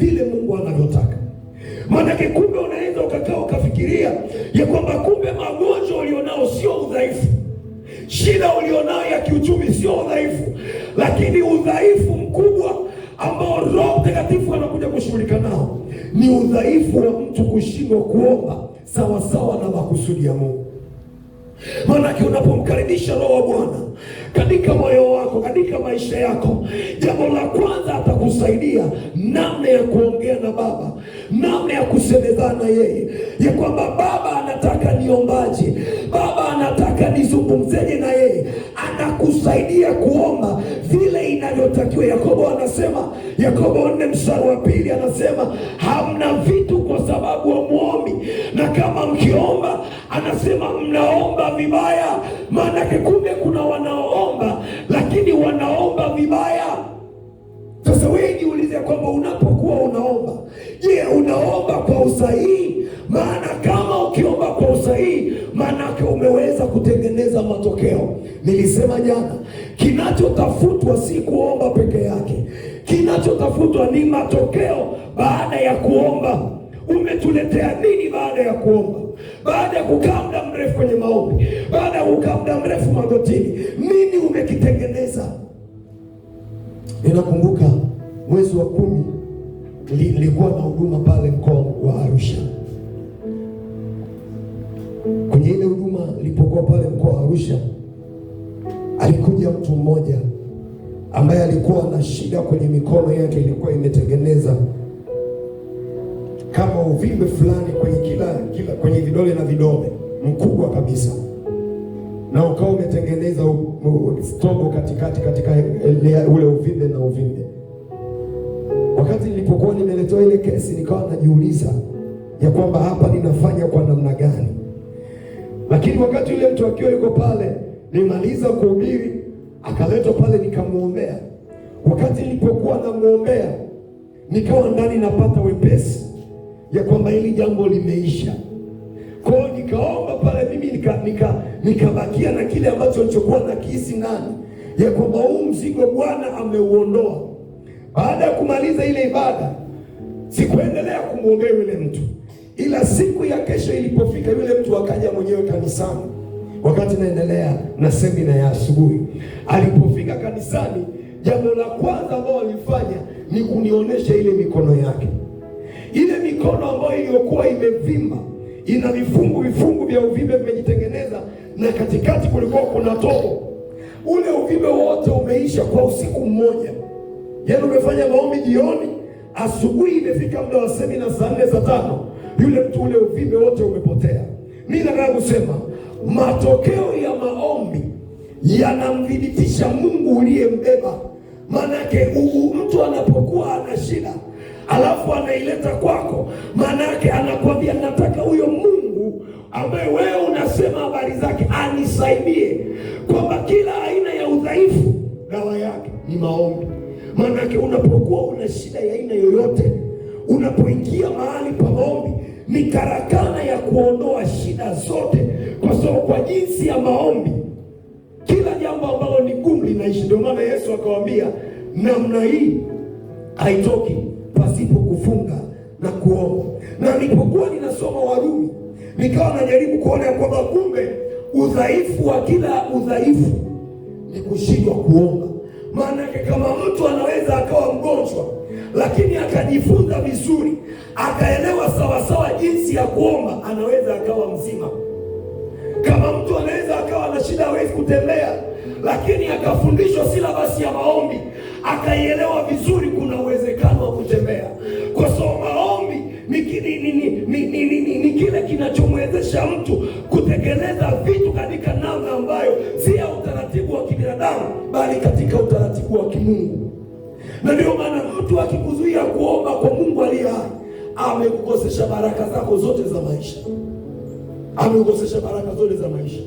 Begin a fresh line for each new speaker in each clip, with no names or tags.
vile Mungu anavyotaka. Maanake kumbe unaweza ukakaa ukafikiria ya kwamba kumbe magonjwa ulionao sio udhaifu, shida ulionao ya kiuchumi sio udhaifu, lakini udhaifu mkubwa ambao Roho Mtakatifu anakuja kushughulika nao ni udhaifu wa mtu kushindwa kuomba sawasawa na makusudi ya Mungu. Maanake unapomkaribisha Roho wa Bwana katika moyo wako, katika maisha yako. Jambo la kwanza atakusaidia namna ya kuongea na Baba, namna ya kusemezana yeye, ya kwamba Baba anataka niombaje uzungumzeje na yeye, anakusaidia kuomba vile inavyotakiwa. Yakobo anasema, Yakobo nne mstari wa pili anasema hamna vitu kwa sababu hamuombi, na kama mkiomba, anasema mnaomba vibaya. Maanake kumbe kuna wanaoomba lakini wanaomba vibaya. Sasa wewe jiulize kwamba unapokuwa unaomba, je, unaomba kwa usahihi? Maana kama ukiomba kwa usahihi, maanake umeweza kute za matokeo. Nilisema jana, kinachotafutwa si kuomba peke yake, kinachotafutwa ni matokeo baada ya kuomba. Umetuletea nini baada ya kuomba? Baada ya kukaa muda mrefu kwenye maombi, baada ya kukaa muda mrefu magotini, nini umekitengeneza?
Ninakumbuka mwezi wa kumi nilikuwa na huduma pale mkoa wa Arusha. Kwenye ile huduma nilipokuwa pale kukumbusha, alikuja mtu mmoja ambaye alikuwa na shida kwenye mikono yake, ilikuwa imetengeneza kama uvimbe fulani kwenye kila, kila kwenye vidole na vidole mkubwa kabisa, na ukawa umetengeneza stogo katikati katika ule uvimbe na uvimbe. Wakati nilipokuwa nimeletewa ile kesi, nikawa najiuliza ya kwamba hapa ninafanya kwa namna gani? Lakini wakati yule mtu akiwa yuko pale, nimaliza kuhubiri, akaletwa pale nikamwombea. Wakati nilipokuwa namwombea, nikawa ndani napata wepesi ya kwamba hili jambo limeisha. Kwa hiyo nikaomba pale mimi nikabakia nika, nika na kile ambacho nilichokuwa na kihisi nani ya kwamba huu mzigo Bwana ameuondoa. Baada ya kumaliza ile ibada, sikuendelea kumwombea yule mtu Ila siku ya kesho ilipofika, yule mtu akaja mwenyewe kanisani, wakati naendelea na semina ya asubuhi. Alipofika kanisani, jambo la kwanza ambao walifanya ni kunionyesha ile mikono yake, ile mikono ambayo iliyokuwa imevimba, ina vifungu vifungu vya uvimbe vimejitengeneza, na katikati kulikuwa kuna tobo. Ule uvimbe wote umeisha kwa usiku mmoja, yaani umefanya maombi jioni, asubuhi imefika muda wa semina saa nne, tano yule mtu ule uvimbe wote umepotea. Mimi nataka kusema matokeo ya maombi yanamdhibitisha Mungu uliyembeba. Maanake mtu anapokuwa ana shida alafu anaileta kwako, maanake anakwambia nataka huyo Mungu ambaye wewe unasema habari zake anisaidie, kwamba kila aina ya udhaifu dawa yake ni maombi. Maanake unapokuwa una shida ya aina yoyote Unapoingia mahali pa maombi, ni karakana ya kuondoa shida zote, kwa sababu kwa jinsi ya maombi kila jambo ambalo ni gumu linaishi. Ndio maana Yesu akawaambia, namna hii haitoki pasipo kufunga na kuomba. Na nilipokuwa ninasoma Warumi, nikawa najaribu kuona ya kwamba kumbe udhaifu wa kila udhaifu ni kushindwa kuomba. Maanake kama mtu anaweza akawa mgonjwa, lakini akajifunza vizuri, akaelewa sawasawa jinsi ya kuomba, anaweza akawa mzima. Kama mtu anaweza akawa na shida, hawezi kutembea, lakini akafundishwa silabasi ya maombi, akaielewa vizuri, kuna uwezekano wa kutembea. Kwa sababu maombi ni, ni, ni, ni, ni, ni, ni, ni kile kinachomwezesha mtu kutekeleza vitu katika mwanadamu, bali katika utaratibu wa kimungu. Na ndio maana mtu akikuzuia kuomba kwa Mungu aliye hai, amekukosesha baraka zako zote za maisha, amekukosesha baraka zote za maisha.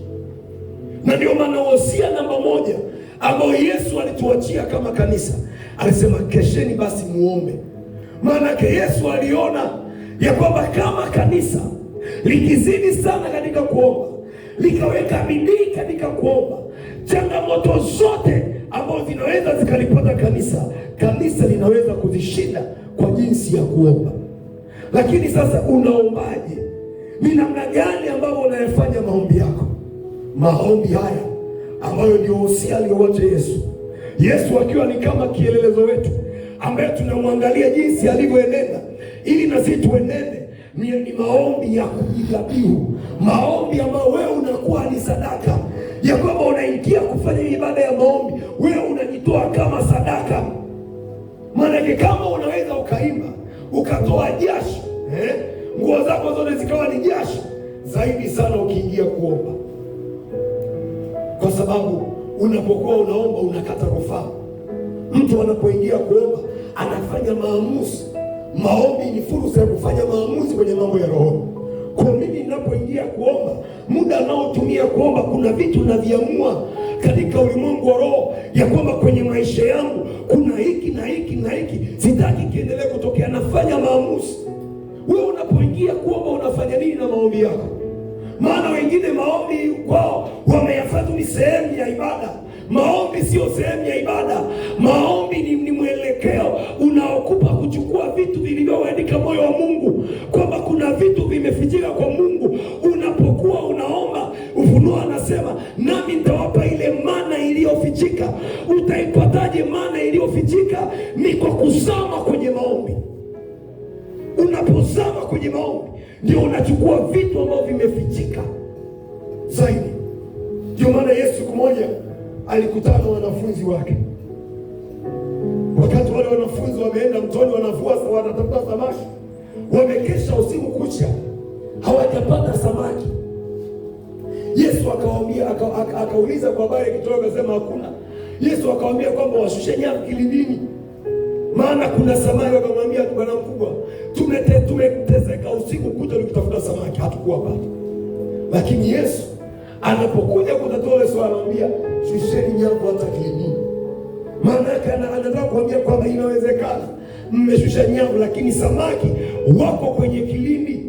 Na ndio maana wosia namba moja ambayo Yesu alituachia kama kanisa, alisema kesheni basi muombe. Maanake Yesu aliona ya kwamba kama kanisa likizidi sana katika kuomba, likaweka bidii katika kuomba changamoto zote ambazo zinaweza zikalipata kanisa, kanisa linaweza kuzishinda kwa jinsi ya kuomba. Lakini sasa unaombaje? Ni namna gani ambavyo unayefanya maombi yako? Maombi haya ambayo ndio usia aliyowacha Yesu, Yesu akiwa ni kama kielelezo wetu ambaye tunamwangalia jinsi alivyoenenda, ili na sisi tuenende ni, ni maombi ya kujidhabihu, maombi ambayo wewe unakuwa ni sadaka ya kwamba unaingia kufanya ibada ya maombi, wewe unajitoa kama sadaka. Maanake kama unaweza ukaimba ukatoa jasho eh, nguo zako zote zikawa ni jasho, zaidi sana ukiingia kuomba, kwa sababu unapokuwa unaomba unakata rufaa. Mtu anapoingia kuomba anafanya maamuzi Maombi ni fursa ya kufanya maamuzi kwenye mambo ya roho. Kwa mimi ninapoingia kuomba, muda naotumia kuomba, kuna vitu naviamua katika ulimwengu wa roho, ya kwamba kwenye maisha yangu kuna hiki na hiki na hiki, sitaki kiendelee kutokea. Nafanya maamuzi. Wewe unapoingia kuomba, unafanya nini na maombi yako? Maana wengine maombi kwao wameyafanya ni sehemu ya ibada Maombi sio sehemu ya ibada. Maombi ni, ni mwelekeo unaokupa kuchukua vitu vilivyoandika moyo wa Mungu, kwamba kuna vitu vimefichika kwa Mungu. Unapokuwa unaomba, Ufunuo anasema nami nitawapa ile mana iliyofichika. Utaipataje mana iliyofichika? Ni kwa kusama kwenye maombi. Unapozama kwenye maombi ndio unachukua vitu ambavyo vimefichika zaidi. Ndio maana Yesu siku moja alikutana wanafunzi wake. Wakati wale wanafunzi wameenda mtoni, wanavua wanatafuta samaki, wamekesha usiku kucha, hawajapata samaki. Yesu akawaambia, akauliza kwa habari ya kitoweo, akasema hakuna. Yesu akawaambia kwamba washushe nyavu kilindini, maana kuna samaki. Wakamwambia, bwana mkubwa, tumeteseka usiku kucha tukitafuta samaki, hatukuwapata. Lakini Yesu anapokuja kutatua ile swali, anamwambia shisheni nyavu hata kielimu. Maanake anataka kuambia kwamba inawezekana mmeshusha nyavu, lakini samaki wako kwenye kilindi.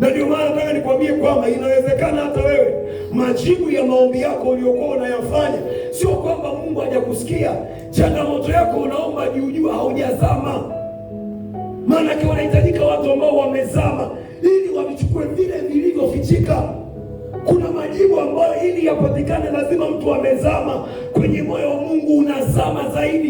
Na ndio maana nataka nikwambie kwamba inawezekana hata wewe, majibu ya maombi yako uliokuwa unayafanya sio kwamba Mungu hajakusikia. Changamoto yako unaomba juujuu, haujazama. Maanake wanahitajika watu ambao wamezama, ili wavichukue vile vilivyofichika. Kuna majibu ambayo ili yapatikane lazima mtu amezama kwenye moyo wa Mungu, unazama zaidi.